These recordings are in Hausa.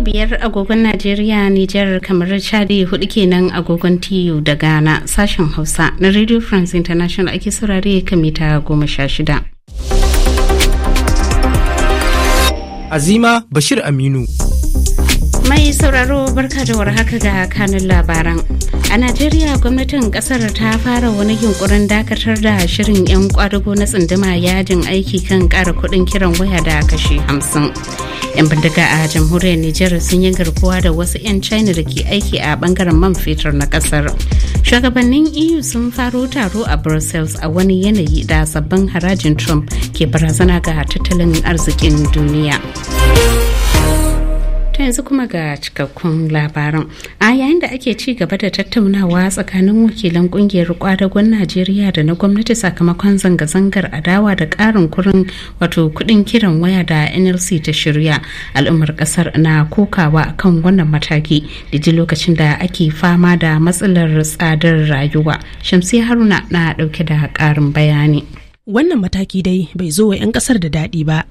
karfe biyar agogon najeriya nijar kamar chadi hudu kenan agogon tiyo da ghana sashen hausa na radio france international ake saurare kamita goma sha shida azima bashir aminu Mai sauraro barka da warhaka ga kanun labaran. A Najeriya gwamnatin kasar ta fara wani yunkurin dakatar da shirin 'yan kwadago na tsunduma yajin aiki kan kara kudin kiran waya da kashi hamsin. 'Yan bindiga a jamhuriyar Nijar sun yi garkuwa da wasu 'yan China da ke aiki a bangaren man fetur na kasar. Shugabannin EU sun faro taro a Brussels a wani yanayi da sabbin harajin Trump ke barazana ga tattalin arzikin duniya. ta yanzu kuma ga cikakkun labaran a yayin da ake ci gaba da tattaunawa tsakanin wakilan kungiyar kwadagon najeriya da na gwamnati sakamakon zanga-zangar adawa da karin kurin wato kudin kiran waya da nlc ta shirya al'ummar kasar na kokawa kan wannan mataki da lokacin da ake fama da matsalar tsadar rayuwa shamsi haruna na dauke da karin bayani wannan mataki dai bai zo wa 'yan kasar da daɗi ba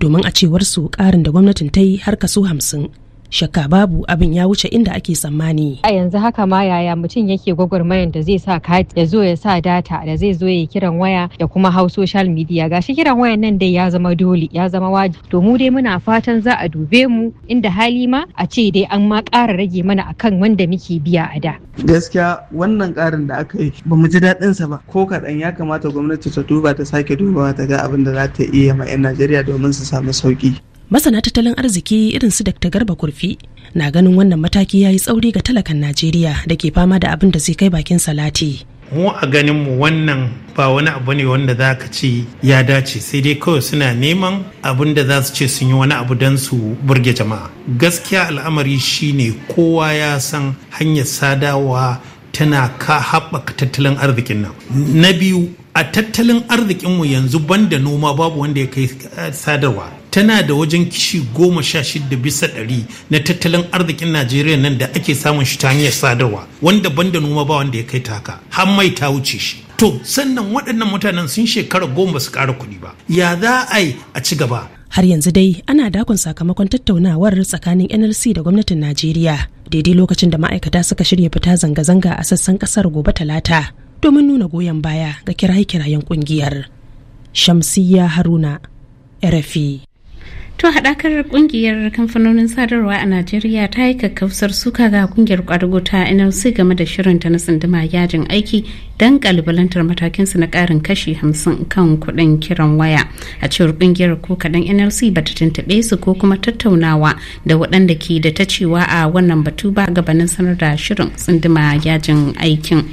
domin a cewar su karin da gwamnatin ta yi har kaso hamsin shakka babu abin ya wuce inda ake tsammani a yanzu haka ma yaya mutum yake gwagwarmayar da zai sa kati ya zo ya sa data da zai zo ya kiran waya da kuma hau social media gashi kiran wayan nan dai ya zama dole ya zama wajibi to mu dai muna fatan za a dube mu inda hali ma a ce dai an ma ƙara rage mana akan wanda muke biya a da gaskiya wannan ƙarin da aka yi ba mu ji daɗin sa ba ko kaɗan ya kamata gwamnati ta duba ta sake dubawa ta ga abin da za ta iya ma 'yan Najeriya domin su samu sauki masana tattalin arziki irin su dakta Garba Kurfi na ganin wannan mataki ya yi tsauri ga talakan Najeriya da ke fama da abin da zai kai bakin salati. Mu a ganin mu wannan ba wani abu ne wanda za ka ce ya dace sai dai kawai suna neman abin da za su ce sun yi wani abu don su burge jama'a. Gaskiya al'amari shine kowa ya san hanyar sadawa tana ka haɓaka tattalin arzikin nan. Na biyu a tattalin arzikinmu yanzu banda noma babu wanda ya kai sadarwa tana da wajen kishi goma sha shida bisa ɗari na tattalin arzikin najeriya nan da ake samun shi ta hanyar sadarwa wanda banda noma ba wanda ya kai ta haka har mai ta wuce shi to sannan waɗannan mutanen sun shekara goma su ƙara kuɗi ba ya za a yi a ci gaba har yanzu dai ana dakon sakamakon tattaunawar tsakanin nlc da gwamnatin najeriya daidai lokacin da ma'aikata suka shirya fita zanga-zanga a sassan kasar gobe talata domin nuna goyon baya ga kiraye-kirayen kungiyar shamsiyya haruna rfi To haɗakar kungiyar kamfanonin sadarwa a Najeriya ta yi kakkausar suka ga ƙungiyar kwadago ta NLC game da shirin ta na tsunduma yajin aiki don kalibalantar matakinsu na karin kashi hamsin kan kuɗin kiran waya. A cewar kungiyar ko kaɗan NLC ba ta tuntuɓe su ko kuma tattaunawa da waɗanda ke da ta cewa a wannan batu ba gabanin sanar da shirin tsunduma yajin aikin.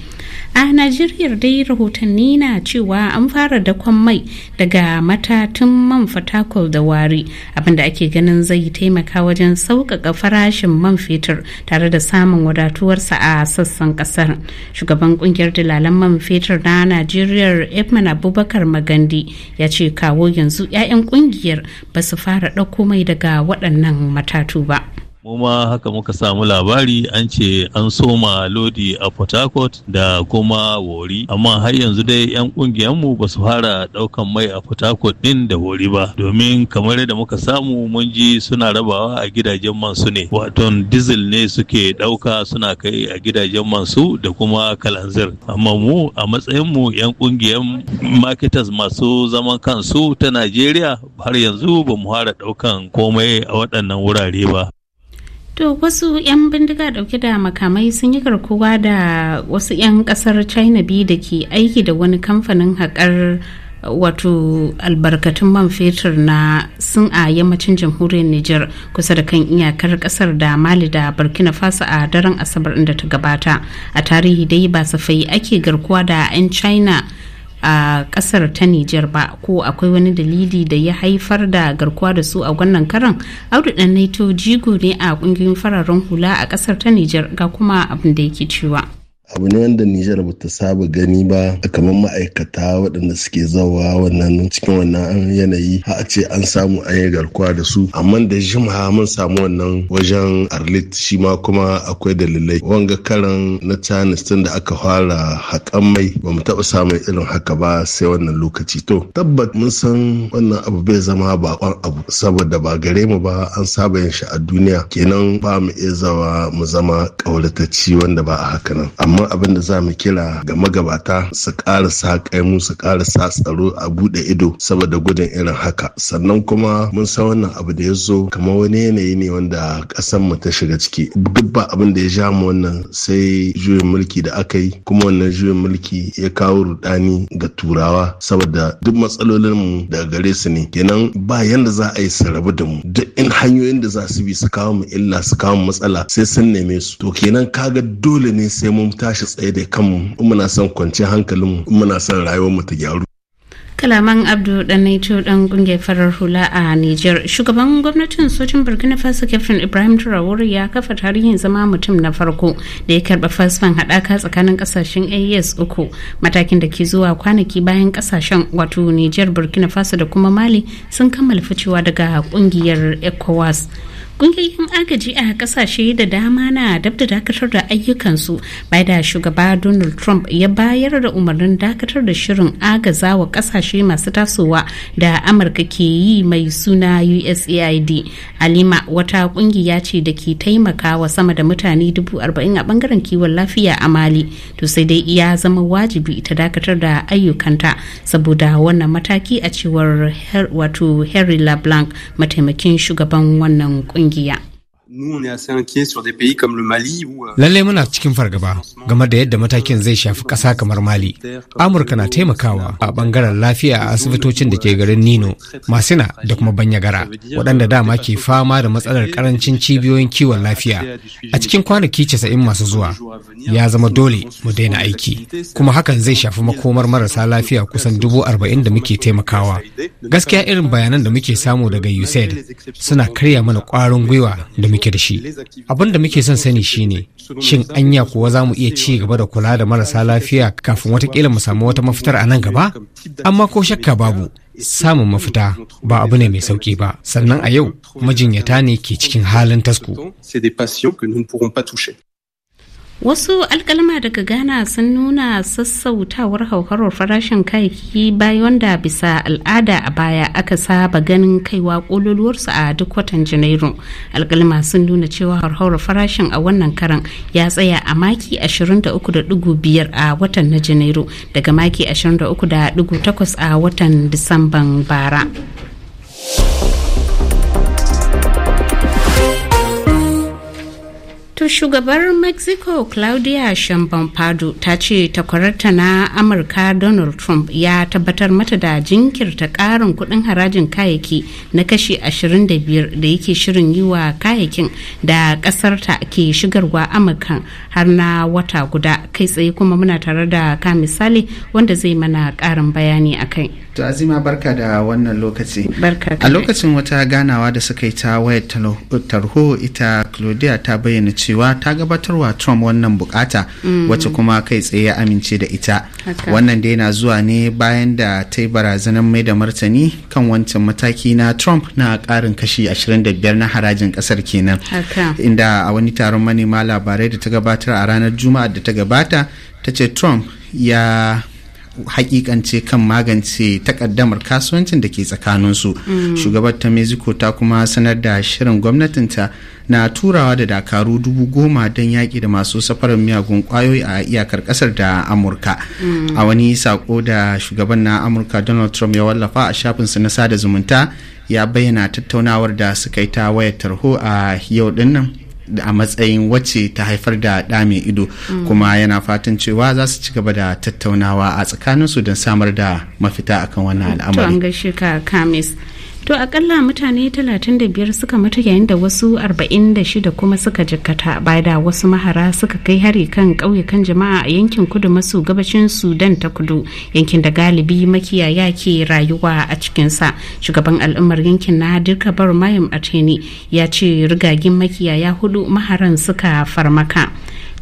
a najeriya dai rahotanni na cewa an fara dakon mai daga matatun man fatakul da wari abinda ake ganin zai taimaka wajen sauƙaƙa farashin man fetur tare da samun wadatuwarsa a sassan ƙasar shugaban ƙungiyar dalalan man fetur na najeriya edmund abubakar magandi ya ce kawo yanzu 'ya'yan ƙungiyar ba su fara ɗauko mai daga waɗannan matatu ba mu ma haka muka samu labari an ce an soma lodi a port harcourt da kuma wori amma har yanzu dai 'yan mu ba su fara ɗaukan mai a port harcourt din da wori ba domin kamar yadda muka samu mun ji suna rabawa a gidajen mansu ne wato diesel ne suke ɗauka suna kai a gidajen mansu da kuma kalanzir amma mu a matsayin mu 'yan ƙungiyar marketers masu zaman kansu ta najeriya har yanzu ba mu fara ɗaukan komai a waɗannan wurare ba To wasu 'yan bindiga dauke da makamai sun yi garkuwa da wasu 'yan kasar China biyu da ke aiki da wani kamfanin haƙar wato albarkatun man fetur na sun a yammacin jamhuriyar Nijar kusa da kan iyakar kasar da Mali da Burkina Faso a daren Asabar inda ta gabata. A tarihi dai ba safai ake garkuwa da 'yan China a kasar ta Nijar ba ko akwai wani dalili da ya haifar da garkuwa da su a wannan karan audu dan naito jigo ne a kungiyoyin fararen hula a kasar ta Nijar ga kuma abin da yake cewa abu ne wanda Nijar ba ta saba gani ba a kamar ma'aikata waɗanda suke zawa wannan cikin wannan yanayi a ce an samu an yi garkuwa da su amma da ma mun samu wannan wajen arlit shi ma kuma akwai dalilai wanga karan na canis tun da aka fara haƙan mai ba mu taɓa samun irin haka ba sai wannan lokaci to tabbat mun san wannan abu bai zama bakon abu saboda ba gare mu ba an saba yin shi a duniya kenan ba mu iya zawa mu zama ƙauratacci wanda ba a haka nan amma amma abin da za mu kira ga magabata su ƙara sa kaimu su ƙara sa tsaro a buɗe ido saboda gudun irin haka sannan kuma mun san wannan abu da ya zo kamar wani yanayi ne wanda ƙasar mu ta shiga ciki duk ba abin da ya ja mu wannan sai juyin mulki da aka yi kuma wannan juyin mulki ya kawo rudani ga turawa saboda duk matsalolin mu da gare su ne kenan ba yanda za a yi su rabu da mu duk in hanyoyin da za su bi su kawo mu illa su kawo mu matsala sai sun neme su to kenan kaga dole ne sai mun ta tashi tsaye da kanmu in muna son kwanciyar hankalin in muna son rayuwar mu ta gyaru kalaman abdu naito dan kungiyar farar hula a niger shugaban gwamnatin sojin burkina faso captain ibrahim traore ya kafa tarihin zama mutum na farko da ya karba fasfan haɗaka tsakanin kasashen as e uku matakin da ke zuwa kwanaki bayan kasashen wato niger burkina faso da kuma mali sun kammala ficewa daga kungiyar ecowas kungiyoyin agaji a kasashe da dama na dab da dakatar da ayyukansu bai da shugaba donald trump ya bayar da umarnin dakatar da shirin agaza wa kasashe masu tasowa da amurka ke yi mai suna usaid alima wata kungiya ce da ke taimaka wa sama da mutane dubu arba'in a bangaren kiwon lafiya a mali to sai dai ya zama wajibi ta dakatar da ayyukanta saboda wannan mataki a cewar wato harry lablanc mataimakin shugaban wannan kungiya 机啊！Lallai muna cikin fargaba game da yadda matakin zai shafi kasa kamar Mali Amurka na taimakawa a bangaren lafiya a asibitocin da ke euh, garin Nino Masina da kuma Banyagara waɗanda dama ke fama da matsalar karancin cibiyoyin kiwon lafiya a cikin kwanaki casa'in masu zuwa ya zama dole mu daina aiki kuma hakan zai shafi makomar marasa lafiya kusan dubu arba'in da muke taimakawa gaskiya irin bayanan da muke samu daga USAID suna karya mana ƙwarin gwiwa da muke muke da shi abin da muke son sani shine shin anya kuwa za mu iya ci gaba da kula da marasa lafiya kafin wata watakila mu samu wata mafitar a nan gaba amma ko shakka babu samun mafita ba abu ne mai sauki ba sannan a yau majinyata ne ke cikin halin tasko wasu alkalma daga ghana sun nuna sassautawar hauhawar farashin kayayyaki bayan da bisa al'ada a baya aka saba ganin kaiwa kololuwarsu a duk watan janairu alkalma sun nuna cewa hauhawar farashin a wannan karan ya tsaya a maki 23.5 a watan na janairu daga maki 23.8 a watan disamban bara To shugabar Mexico Claudia Sheinbaum Pardo ta ce takwararta na Amurka Donald Trump ya tabbatar mata da jinkirta ƙarin kuɗin harajin kayayyaki na kashi 25 da yake shirin yi wa kayayyakin da ƙasarta ke shigarwa Amurka har na wata guda kai tsaye kuma muna tare da ka misali wanda zai mana ƙarin bayani a kai. To Azima barka da wannan lokaci. Barka A lokacin wata ganawa da suka yi ta wayar tarho ita Claudia ta bayyana cewa ta gabatarwa Trump wannan bukata mm. wacce kuma kai tsaye ya amince da ita. Wannan dai na zuwa ne bayan da ta yi barazanar mai da martani kan wancan mataki na Trump na karin kashi 25 na harajin kasar kenan. Inda a wani taron manema labarai da ta gabatar a ranar Juma'a da ta gabata ta ce Trump ya hakikance kan magance takaddamar kasuwancin da ke tsakaninsu mm. shugabar ta mexico ta kuma sanar da shirin gwamnatinta na turawa da dakaru dubu goma don yaƙi da masu safarin miyagun ƙwayoyi a iyakar ƙasar da amurka mm. a wani saƙo da shugaban na amurka donald trump ya wallafa a shafinsa na sada zumunta ya bayyana tattaunawar da suka yi ta wayar tarho a yau dinnan. a matsayin wacce ta haifar da ɗa mai ido mm. kuma yana fatan cewa za su ci gaba da tattaunawa a tsakaninsu don samar da mafita akan wannan al'amari. to akalla mutane 35 suka mutu yayin da wasu 46 kuma suka jikkata ba da wasu mahara suka kai hari kan ƙauyukan jama'a a yankin kudu maso gabashin sudan ta kudu yankin da galibi makiyaya ke rayuwa a cikinsa shugaban al'ummar yankin na dirka bar mayam ateni ya ce rigagin makiyaya hudu maharan suka farmaka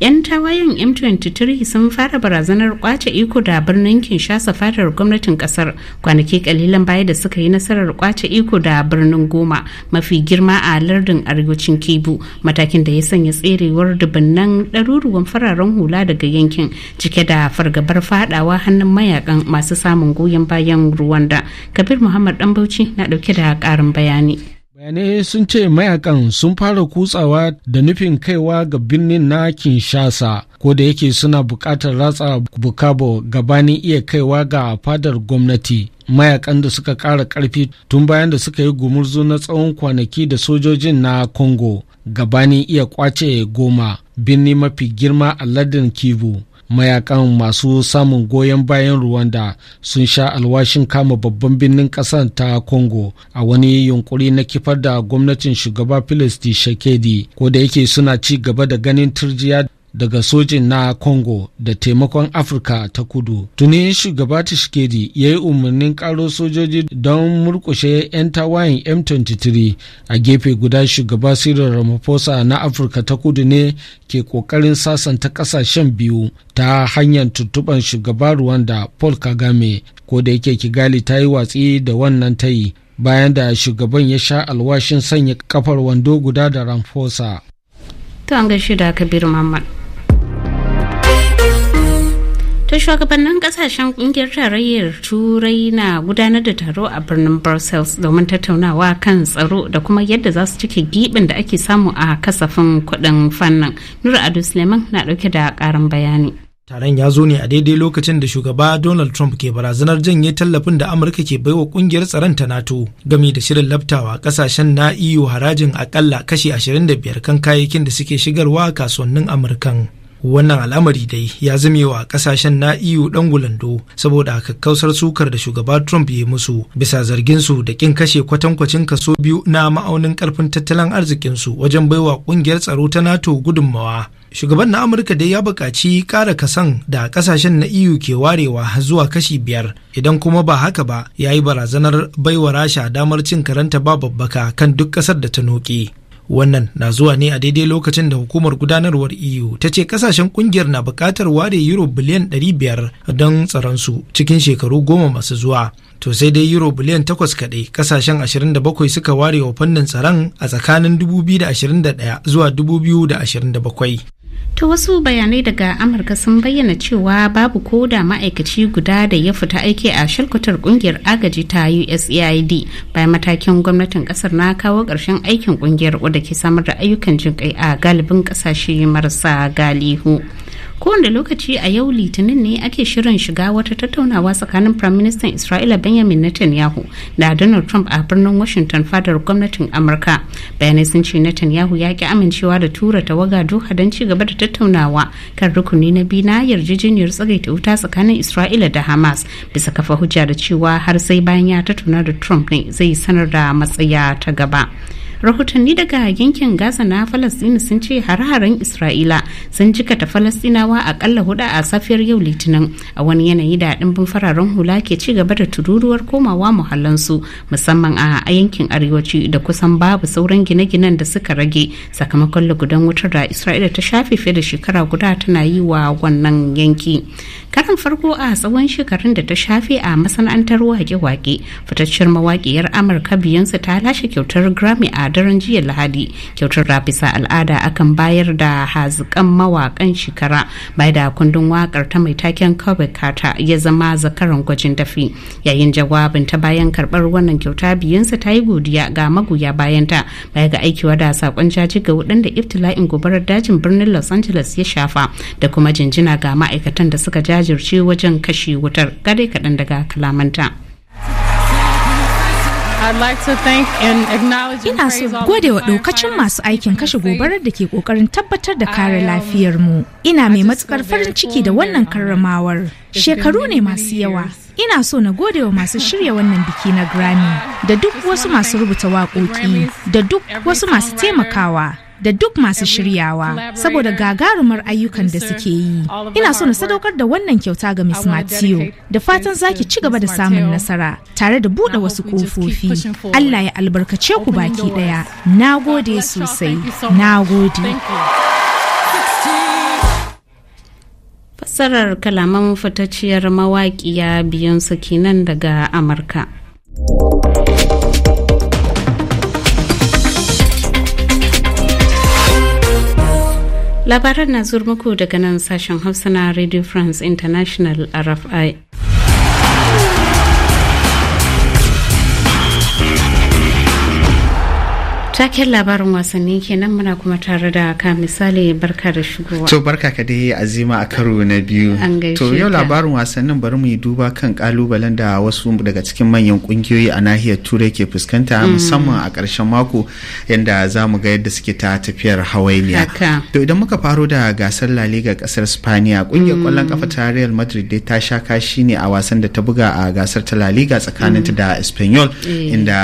'yan tawayen m23 sun fara barazanar kwace iko da birnin kinshasa fadar gwamnatin kasar kwanaki kalilan baya da suka yi nasarar kwace iko da birnin goma mafi girma a lardin arewacin kebu matakin da ya sanya tserewar dubunnan ɗaruruwan fararen hula daga yankin cike da fargabar fadawa hannun mayakan masu samun goyon bayan ruwanda kabir muhammad dan bauchi na dauke da karin bayani mutane sun ce mayakan sun fara kutsawa da nufin kaiwa ga birnin na kinshasa ko da yake suna buƙatar ratsa bukabo gabanin iya kaiwa ga fadar gwamnati mayakan da suka ƙara ƙarfi tun bayan da suka yi gumurzu na tsawon kwanaki da sojojin na congo gabanin iya kwace goma birni mafi girma a ladin kivu mayakan masu samun goyon bayan Rwanda sun sha alwashin kama babban birnin ƙasar ta Congo a wani yunkuri na kifar da gwamnatin shugaba Felix Tshisekedi ko da yake suna ci gaba da ganin turjiya daga sojin na Congo da taimakon Afirka ta kudu. Tuni shugaba Tshisekedi ya yi umarnin karo sojoji don murkushe 'yan tawayen M23 a gefe guda shugaba Cyril Ramaphosa na Afirka ta kudu ne ke kokarin sasanta kasashen biyu ta hanyar tuttuban shugaba Rwanda Paul Kagame ko da yake Kigali ta yi watsi da wannan tayi bayan da shugaban ya sha alwashin sanya kafar wando guda da Ramaphosa. To an gaishe da Kabir Muhammad. To shugabannin kasashen kungiyar tarayyar turai na gudanar da taro a birnin Brussels domin tattaunawa kan tsaro da kuma yadda za su cike gibin da ake samu a kasafin kuɗin fannin. Nura Ado Suleiman na dauke da ƙarin bayani. Taron ya zo ne a daidai lokacin da shugaba Donald Trump ke barazanar janye tallafin da Amurka ke baiwa kungiyar tsaron ta NATO game da shirin laftawa kasashen na iyo e harajin akalla kashi 25 kan kayayyakin da suke shigarwa kasuwannin Amurkan. wannan al'amari dai ya zame wa kasashen na eu dan gulando saboda kakkausar sukar da shugaba trump ya musu bisa zargin su da kin kashe kwatankwacin kaso biyu na ma'aunin karfin tattalin arzikinsu wajen baiwa kungiyar tsaro ta nato gudunmawa shugaban na amurka dai ya buƙaci ƙara kasan da ƙasashen na eu ke warewa zuwa kashi biyar idan kuma ba haka ba ya yi barazanar baiwa rasha damar cin karanta ba babbaka kan duk ƙasar da ta noƙe wannan na zuwa ne a daidai lokacin da hukumar gudanarwar eu ta ce kasashen kungiyar na bukatar ware euro biliyan 500 don tsaronsu cikin shekaru goma masu zuwa to sai dai euro biliyan 8 kaɗai kasashen 27 suka ware wa fannin tsaron a tsakanin 2021 zuwa 2027 ta wasu bayanai daga amurka sun bayyana cewa babu ko da ma'aikaci guda da ya fita aiki a shalkutar kungiyar agaji ta usaid bayan matakin gwamnatin kasar na kawo ƙarshen aikin kungiyar wadda ke samar da ayyukan jinƙai a galibin ƙasashe marasa galihu. kowane lokaci a yau litinin ne ake shirin shiga wata tattaunawa tsakanin prime minister isra'ila benjamin netanyahu da donald trump a birnin washington fadar gwamnatin amurka bayanai sun ce netanyahu ya ki amincewa da tura tawaga doha don ci gaba da tattaunawa kan rukuni na biyu na yarjejeniyar tsagaita wuta tsakanin isra'ila da hamas bisa kafa hujja da cewa har sai bayan ya tattauna da trump ne zai sanar da matsaya ta gaba rahotanni daga yankin gaza na falastini sun ce har-haren isra'ila sun jikata falastinawa akalla huda a safiyar yau litinin a wani yanayi da dimbin fararen hula ke ci gaba da tururuwar komawa muhallansu musamman a yankin arewaci da kusan babu sauran gine-ginen da suka rage sakamakon lagudan wutar da isra'ila ta shafe fiye da shekara guda tana yi wa wannan yanki karan farko a tsawon shekarun da ta shafe a masana'antar wake-wake fitaccen mawaƙiyar amurka biyansu ta lashe kyautar grammy a daren jiya lahadi kyautar da bisa al'ada akan bayar da hazikan mawakan shekara bai da kundin wakar ta mai taken kawai kata ya zama zakaran gwajin dafi yayin jawabin ta bayan karbar wannan kyauta biyansa ta yi godiya ga magoya bayanta baya ga aikiwa da sakon jaji ga da iftila'in gobarar dajin birnin los angeles ya shafa da kuma jinjina ga ma'aikatan da suka jajirce wajen kashe wutar gare kaɗan daga kalamanta. Ina so gode wa ɗaukacin masu aikin kashe gobarar da ke ƙoƙarin tabbatar da kare lafiyarmu. Ina mai matukar farin ciki da wannan karramawar. Shekaru ne masu yawa. Ina so na gode wa masu shirya wannan biki na Grammy, da duk wasu masu rubuta waƙoƙi, da duk wasu masu taimakawa. da duk masu shiryawa saboda gagarumar ayyukan da suke yi. Ina so na sadaukar da wannan kyauta ga Miss Matthew da fatan zaki ci gaba da samun nasara tare da buɗe wasu kofofi Allah ya albarkace ku baki ɗaya. Na gode sosai. Na gode. Fassarar kalaman fitacciyar mawaƙiya su kenan daga Amurka. labaran na muku daga nan sashen hausa na radio france international rfi taken labarin wasanni kenan muna kuma tare da ka misali barka da shigowa to barka ka dai azima a karo na biyu to yau labarin wasannin bari mu yi duba kan kalubalen da wasu daga cikin manyan kungiyoyi a nahiyar turai ke fuskanta mm. musamman a karshen mako yadda za mu ga yadda suke ta tafiyar hawainiya to idan muka faro da gasar la liga kasar spaniya kungiyar kwallon kafa mm. ta real madrid dai ta sha kashi ne a wasan da ta buga a gasar ta la liga tsakaninta mm. da espanyol eh. inda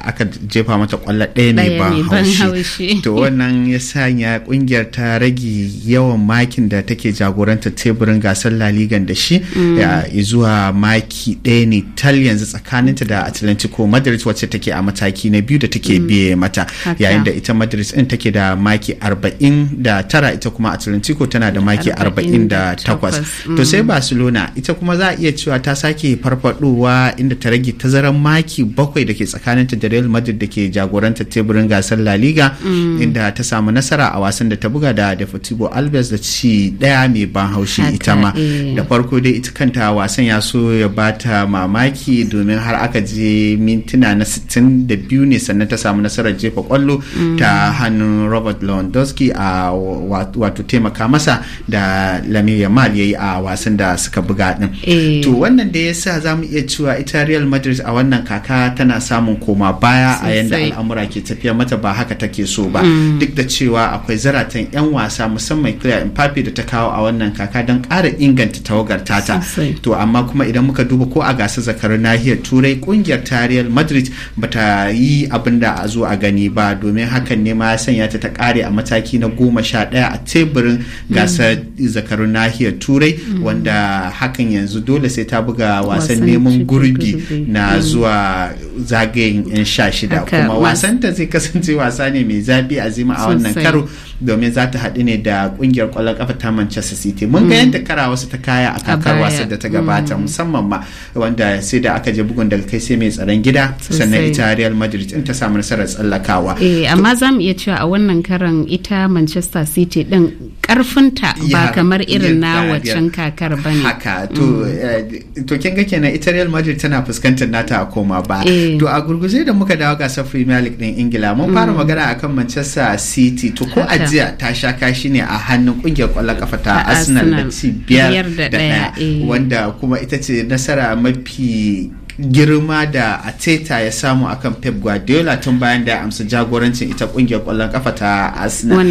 aka jefa mata kwallo ɗaya mai ban haushi to wannan ya sanya kungiyar ta rage yawan makin da take jagoranta teburin gasar la da shi mm. ya zuwa maki ɗaya ne tal yanzu tsakaninta da atlantico madrid wacce take a mataki na biyu da take mm. biye mata yayin da ita madrid din take da maki arba'in da tara ita kuma atlantico tana da maki arba'in da takwas to mm. sai barcelona ita kuma za a iya cewa ta sake farfadowa inda ta rage tazaran maki bakwai da ke tsakaninta da real madrid da ke jagoranta teburin wannan gasar La Liga mm. inda ta samu nasara a wasan da ta buga da Deportivo Alves da ci daya mai ban haushi ita ma eh. da farko dai ita kanta wasan ya so ya bata mamaki domin har aka je mintuna na 62 ne sannan ta samu nasarar jefa kwallo mm. ta hannun Robert Lewandowski a wato taimaka masa da Lamine Yamal ya yi a wasan da suka buga din eh. to wannan da yasa mu iya cewa ita Real Madrid a wannan kaka tana samun koma baya a yanda al'amura ke tafiya mata ba haka take so ba mm. duk da cewa akwai zaratan 'yan wasa musamman in mpapi da ta kawo a wannan kaka don ƙara inganta tawagar tata to amma kuma idan muka duba ko a gasar zakarun nahiyar turai kungiyar ta real madrid ba ta yi abin da a zo a gani ba domin hakan ne ma ya sanya ta ta kare a mataki na goma sha ɗaya a teburin mm. gasar zakarun nahiyar turai mm. wanda hakan yanzu dole sai ta buga wasan neman gurbi na zuwa zagayen 'yan sha shida kuma wasan ta zai kasance wasa ne mai zafi azima a wannan karo domin za ta haɗu ne da ƙungiyar kwallon ƙafa ta manchester city mun ga mm. yadda kara wasu ta kaya a kakar wasa da ta gabata mm. musamman ma wanda sai da aka je bugun daga kai sai mai tsaron gida sannan ita real madrid in ta samu nasarar tsallakawa eh, amma za mu iya cewa a wannan karan ita manchester city din karfinta ba kamar irin na waccan kakar ba ne. haka mm. eh, to kin ga kenan ita real madrid tana fuskantar nata a koma ba Eh. to a gurguje da muka dawo gasar premier malik din ingila mun fara mm. magana akan manchester city to ko ajiya ta sha kashi ne a hannun kungiyar kwallon kafa ta arsenal da ci biyar da daya eh. wanda kuma ita ce nasara mafi girma da Ateta ya samu akan Pep Guardiola tun bayan da amsa jagorancin ita kungiyar kwallon kafa ta Arsenal.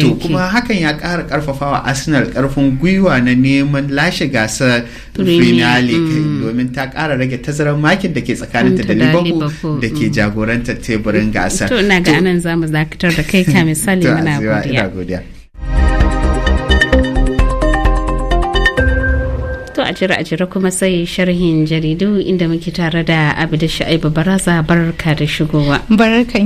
To kuma hakan ya kara karfafawa Arsenal karfin gwiwa na neman lashe gasar Premier League mm. domin ta kara rage tazarar makin da ke tsakaninta da Liverpool da ke mm. jagorantar teburin gasar. To ina ga anan zamu dakatar da kai ka misali muna godiya. a jira a jira kuma sai sharhin jaridu inda muke tare da abida sha'ibu baraza barka da shigowa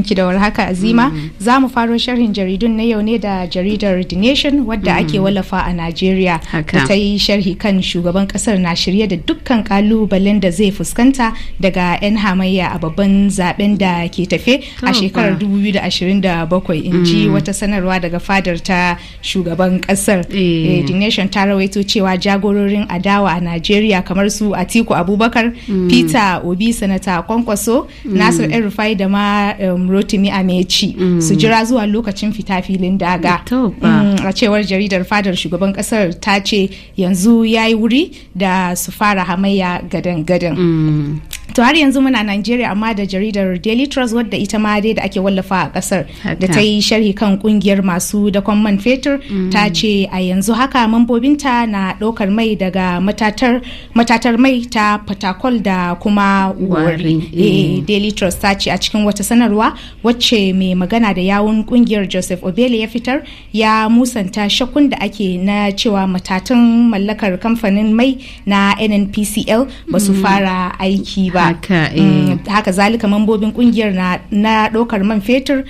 ki da warhaka azima mm. za mu faro sharhin jaridun na yau ne da jaridar the nation wadda ake mm. wallafa a najeriya da ta yi sharhi kan shugaban kasar na shirye da dukkan kalubalen da zai fuskanta daga 'yan hamayya a babban zaben da ke tafe a shekarar 2027 in ji mm. wata sanarwa daga fadar ta shugaban kasar eh. eh, the nation ta rawaito cewa jagororin adawa a Najeriya kamar su Atiku Abubakar, mm. Peter Obi Sanata Kwankwaso, mm. Nasir El Rufai da ma um, Rotimi Amechi mm. su jira zuwa lokacin fita filin daga. Mm, a cewar jaridar fadar shugaban kasar ta ce yanzu ya yi wuri da su fara hamayya gadan-gadan. Mm. to har yanzu muna Najeriya amma da jaridar Daily Trust wadda ita ma dai da ake wallafa a kasar da ta yi sharhi kan kungiyar masu dakon man fetur mm. ta ce a yanzu haka mambobinta na ɗaukar mai daga matatar mai ta Patakol da kuma wari. Eh, eh. Daily Trust ta ce a cikin wata sanarwa wacce mai magana da yawun kungiyar Joseph Obele ya fitar ya musanta shakkun da ake na cewa matatun mallakar kamfanin mai na NNPCL ba su mm. fara aiki ba. ba eh. mm, haka zalika mambobin kungiyar na ɗaukar man fetur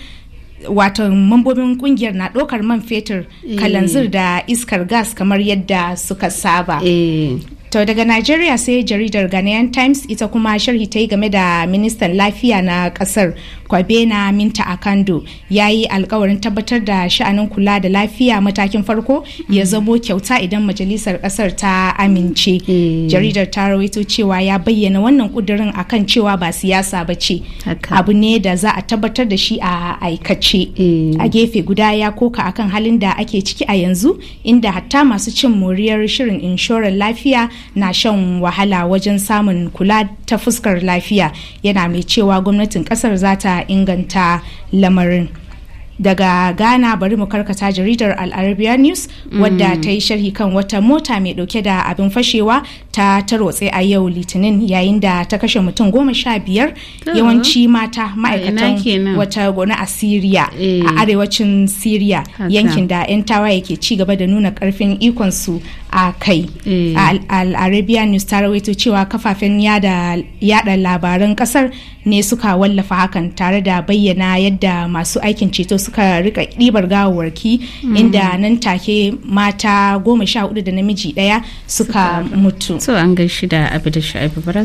wato mambobin kungiyar na ɗaukar man fetur eh. kalanzir da iskar gas kamar yadda suka saba eh. To daga Najeriya sai jaridar Ghanaian Times ita kuma sharhi ta yi game da ministan lafiya na kasar Kwabena Minta Akando ya yi alkawarin tabbatar da sha'anin kula da lafiya matakin farko ya zamo kyauta idan majalisar kasar ta amince. Eh. Jaridar ta rawaito cewa ya bayyana wannan kudirin akan cewa ba siyasa ba ce. Abu ne da za a tabbatar da shi a aikace. Eh. A gefe guda ya koka akan halin da ake ciki a yanzu inda hatta masu cin moriyar shirin inshorar lafiya na shan wahala wajen samun kula ta fuskar lafiya yana mai cewa gwamnatin kasar za ta inganta lamarin daga ghana bari mu karkata jaridar al-arabia news wadda mm. ta yi sharhi kan wata mota mai dauke da abin fashewa ta tarotse a yau litinin yayin da ta kashe mutum goma sha biyar yawanci mata ma'aikatan wata gona a syria a eh. arewacin syria yankin da 'yan tawaye ke ci gaba da nuna karfin ikonsu a kai eh. al arabia news ta rawaito cewa kafafen yada labaran kasar ne suka wallafa hakan tare da bayyana yadda masu aikin ceto suka rika ɗibar gawarki hmm. inda nan take mata goma sha hudu da namiji daya suka mutu so an gaishe da abu da sha'ibu bara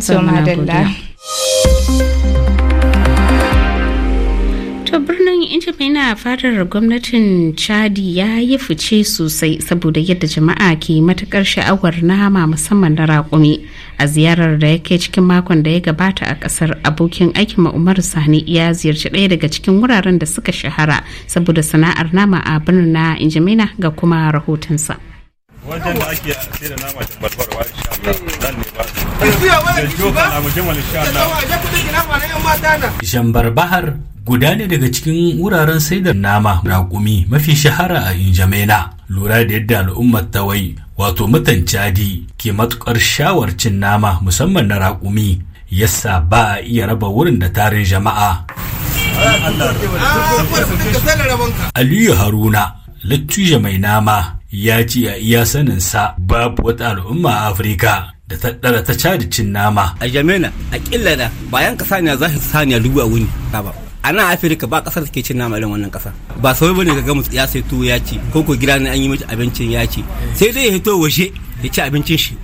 to birnin injimina fadar gwamnatin chadi ya yi fice sosai saboda yadda jama'a ke matakar sha'awar nama musamman na raƙumi a ziyarar da yake cikin makon da ya gabata a kasar abokin aikin umar sani ya ziyarci ɗaya daga cikin wuraren da suka shahara saboda sana'ar nama a birnin na injimina ga kuma rahotonsa. wajen da ake da nama Allah ne ba da insha Allah jambar bahar guda ne daga cikin wuraren saidar nama raƙumi mafi shahara a injamena lura da yadda al'ummar tawai wato mutan cadi ke matukar shawarcin nama musamman na raƙumi yasa ba a iya raba wurin da tarin jama'a Aliyu Haruna, Lattuje mai nama ya ce a iya saninsa babu wata al'umma a Afirka da ta ɗara ta cadi cin nama. A jamina a da, bayan ka ne za su saniya dubu a wuni. a nan afirka ba kasar ke cin nama irin wannan kasa ba sai bane ka gamu ya sai tuwo ya ci ko ko gida ne an yi miki abincin ya ci sai dai ya hito waje ya ci abincin shi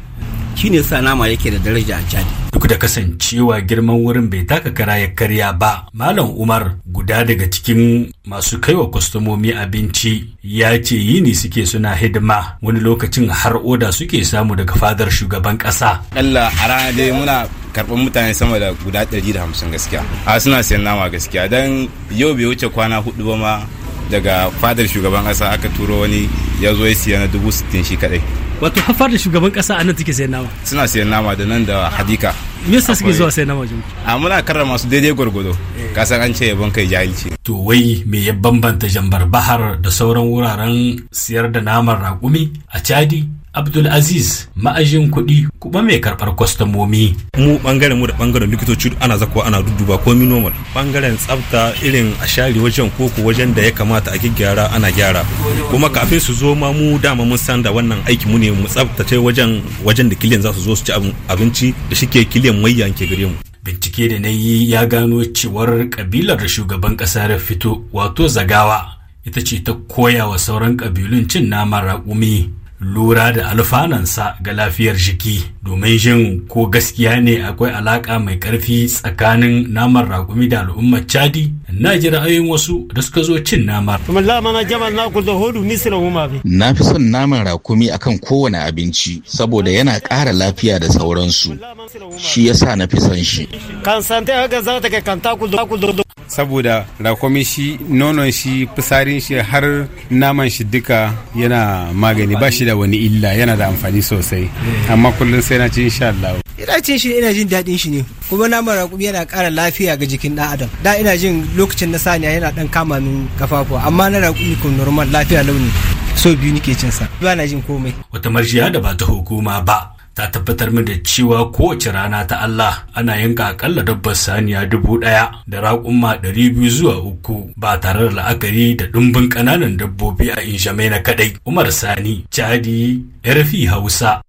ne sa nama yake da daraja a Chad. Duk da kasancewa girman wurin bai taka kara ya karya ba, Malam Umar guda daga cikin masu kaiwa kwastomomi abinci ya ce yi ne suke suna hidima wani lokacin har oda suke samu daga fadar shugaban kasa. Allah a rana dai muna karɓar mutane sama da guda 150 gaskiya. A suna siyan nama gaskiya don yau bai wuce kwana hudu ba ma daga fadar shugaban kasa aka turo wani ya zo ya siya na dubu sittin shi kadai wato har fara shugaban kasa a nan take sayan nama suna sayan nama da nan da hadika me yasa suke zuwa sayan nama jin a muna karra masu daidai gwargwado eh. kasan an ce yabon kai jahilci to wai me ya bambanta jambar bahar da sauran wuraren siyar da naman raƙumi a chadi Abdulaziz ma'ajin kuɗi kuma mai karɓar kwastomomi. Mu ɓangaren mu da ɓangaren likitoci ana zakuwa ana dudduba komi normal. Ɓangaren tsafta irin a share wajen koko wajen da ya kamata a gyara ana gyara. Kuma kafin su zo ma mu dama mun san da wannan aiki mu ne mu tsaftace wajen wajen da kiliyan za su zo su ci abinci da ke kiliyan mayya ke gare mu. Bincike da na yi ya gano cewar kabilar shugaban shugaban ƙasar fito wato zagawa ita ce ta koya wa sauran kabilun cin naman raƙumi. lura da alfanansa ga lafiyar jiki domin jin ko gaskiya ne akwai alaka mai karfi tsakanin naman rakumi da al'ummar chadi na ji ra'ayin wasu da suka zo cin namar. na fi son naman rakumi akan kowane abinci saboda yana ƙara lafiya da sauransu shi yasa na fi son shi. saboda rakwami shi nonon shi fisarin shi har naman shi duka yana magani ba shi da wani illa yana da amfani sosai amma kullum sai na ci insha Allah ina cin shi ina jin daɗin shi ne kuma naman rakumi yana ƙara lafiya ga jikin ɗan adam da ina jin lokacin na saniya yana ɗan kama min kafafuwa amma na rakumi kun normal lafiya launi so biyu nake cin sa ba na jin komai wata marjiya da ba ta hukuma ba ta tabbatar min da cewa kowace rana ta Allah ana yanka akalla dabbar saniya dubu ɗaya da raƙumma ɗari biyu zuwa uku ba tare da la'akari da ɗumbin ƙananan dabbobi a injamai na kaɗai. Umar Sani, Chadi, Yarfi Hausa.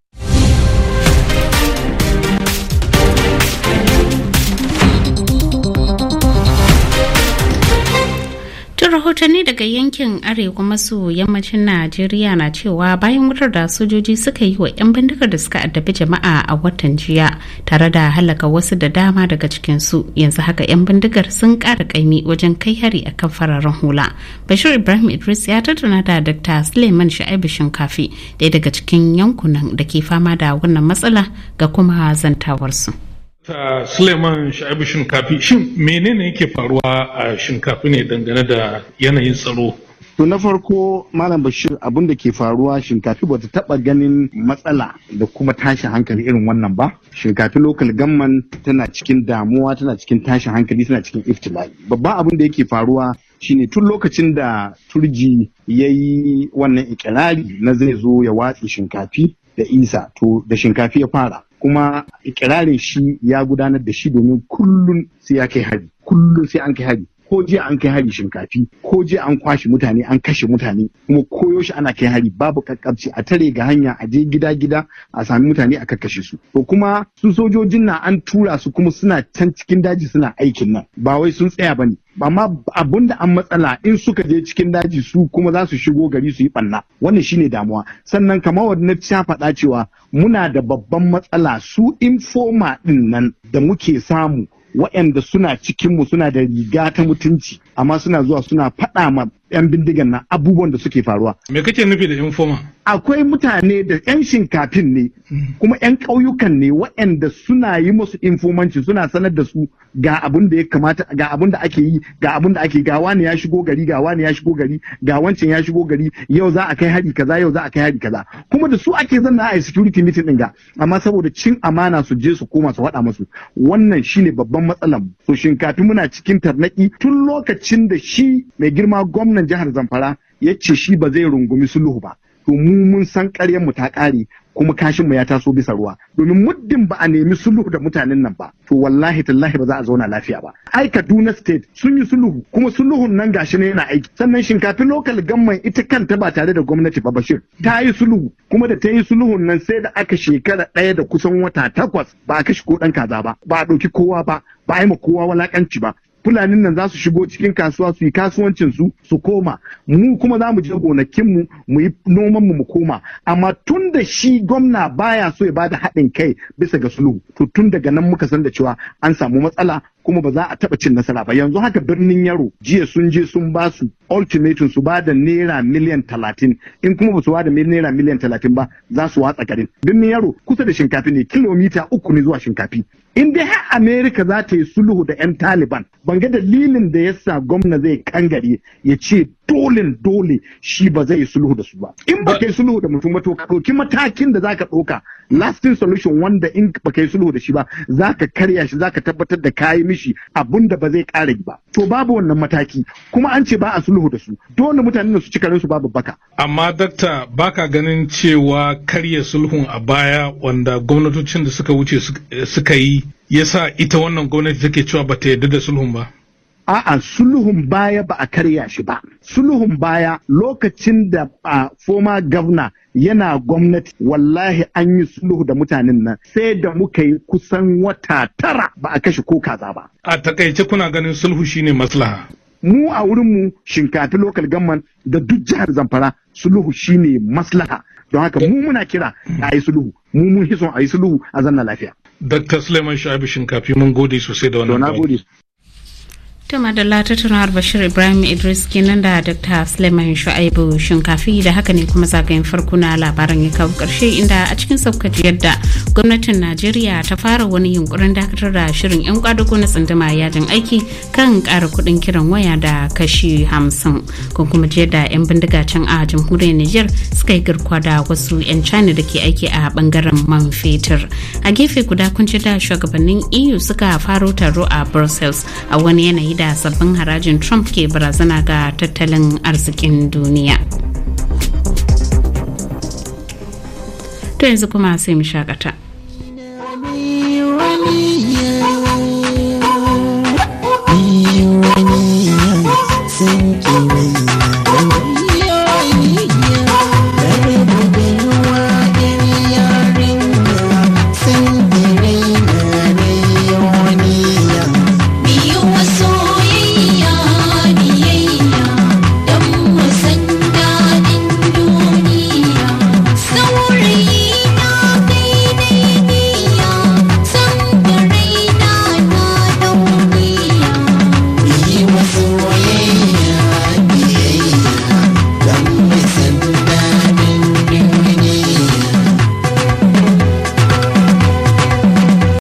rahotanni daga yankin arewa maso yammacin najeriya na cewa bayan wutar da sojoji suka yi wa 'yan bindigar da suka addabi jama'a a watan jiya tare da halaka wasu da dama daga cikinsu yanzu haka 'yan bindigar sun kara kaimi wajen kai hari a kan fararen hula bashir ibrahim idris ya tattauna da dr suleiman sha'ibu shinkafi daya daga cikin yankunan da ke fama da wannan matsala ga kuma zantawarsu. ta suleiman sha'ibu shinkafi shin menene yake faruwa a shinkafi ne dangane da yanayin tsaro To na farko Malam Bashir abin da ke faruwa shinkafi ba ta taɓa ganin matsala da kuma tashin hankali irin wannan ba. Shinkafi lokal gamman tana cikin damuwa tana cikin tashin hankali tana cikin iftila'i. Babban abin da yake faruwa shine tun lokacin da turji ya yi wannan ikirari na zai zo ya watsi shinkafi da isa to da shinkafi ya fara. kuma ikirarin shi ya gudanar da shi domin kullum sai ya hari kullum sai an kai hari ko jiya an kai hari shinkafi ko jiya an kwashe mutane an kashe mutane kuma koyo shi ana kai hari babu kakkabci a tare ga hanya a je gida gida a sami mutane a kakkashe su to kuma su sojojin na an tura su kuma suna can cikin daji suna aikin nan ba wai sun tsaya bane amma abun da an matsala in suka je cikin daji su kuma za su shigo gari su yi banna wannan shine damuwa sannan kamar wanda ta faɗa cewa muna da babban matsala su informa ɗin nan da muke samu waɗanda suna cikinmu suna da riga ta mutunci amma suna zuwa suna faɗa ma 'yan bindigan na abubuwan da suke faruwa. Me kake nufi da informa? Akwai mutane da 'yan shinkafin ne mm. kuma 'yan ƙauyukan ne waɗanda suna yi musu infomanci suna sanar da su ga abin da ya kamata ga abin da ake yi ga abin da ake ga wani ya shigo gari ga wani ya shigo gari ga wancan ya shigo gari yau za a kai hari kaza yau za a kai hari kaza kuma da su ake zanna a security meeting din ga amma saboda cin amana su je su koma su faɗa musu wannan shine babban matsalar so shinkafi muna cikin tarnaki tun lokacin lokacin da shi mai girma gwamnan jihar Zamfara ya ce shi ba zai rungumi sulhu ba. To mu mun san ƙaryar mu ta kare kuma kashin mu ya taso bisa ruwa domin muddin ba a nemi sulhu da mutanen nan ba to wallahi tallahi ba za a zauna lafiya ba ai Kaduna state sun yi sulhu kuma sulhun nan gashi ne yana aiki sannan shinkafin local gamman ita kanta ba tare da gwamnati ba Bashir ta yi sulhu kuma da ta yi sulhun nan sai da aka shekara ɗaya da kusan wata takwas ba a kashe ko ɗan kaza ba ba a ɗauki kowa ba ba a yi ma kowa walakanci ba fulanin nan za su shigo cikin kasuwa su yi kasuwancin su su koma mu kuma za mu je gonakin mu mu yi noman mu mu koma amma tun da shi gwamna baya so ya bada haɗin kai bisa ga sulhu to tun daga nan muka san da cewa an samu matsala kuma ba za a taɓa cin nasara ba yanzu haka birnin yaro jiya sun je sun ba su ultimatum su ba da naira miliyan talatin in kuma ba su ba da naira miliyan talatin ba za su watsa garin birnin yaro kusa da shinkafi ne kilomita uku ne zuwa shinkafi in dai har america za ta yi sulhu da 'yan taliban ban ga dalilin da yasa gwamna zai kangare ya ce dolin dole shi ba zai sulhu da su ba in ba kai sulhu da mutum ba to ka matakin da zaka ɗauka lasting solution wanda in ba kai sulhu da shi ba zaka karya shi zaka tabbatar da kayi mishi abun da ba zai ƙara ba to babu wannan mataki kuma an ce ba a sulhu da su dole mutanen su cika su babu baka amma dakta baka ganin cewa karya sulhun a baya wanda gwamnatocin da suka wuce suka yi yasa ita wannan gwamnati take cewa ba ta yarda da sulhun ba a'a sulhun baya ba a karya shi ba sulhun baya lokacin da a foma gavna yana gwamnati wallahi an yi sulhu da mutanen nan sai da muka yi kusan wata tara ba a kashe ko kaza ba a takaice kuna ganin sulhu shine maslaha mu a wurinmu shinkafi lokal gamman da duk jihar zamfara sulhu shine maslaha don haka mu muna kira a yi sulhu mu mun hison a yi sulhu a zanna lafiya Dr. Suleiman Shaibu Shinkafi mun gode sosai da wannan. ta madalla ta tunawar bashir ibrahim idris kenan da dr suleiman shu'aibu shinkafi da haka ne kuma zagayen farko na labaran ya kawo karshe inda a cikin saukaci yadda gwamnatin najeriya ta fara wani yunkurin dakatar da shirin yan kwadago na tsunduma yajin aiki kan kara kudin kiran waya da kashi hamsin kun kuma ji da yan bindiga can a jamhuriyar niger suka yi garkuwa da wasu yan china da ke aiki a bangaren man fetur a gefe guda kun da shugabannin eu suka faro taro a brussels a wani yanayi da sabbin harajin trump ke barazana ga tattalin arzikin duniya to yanzu kuma sai mu shakata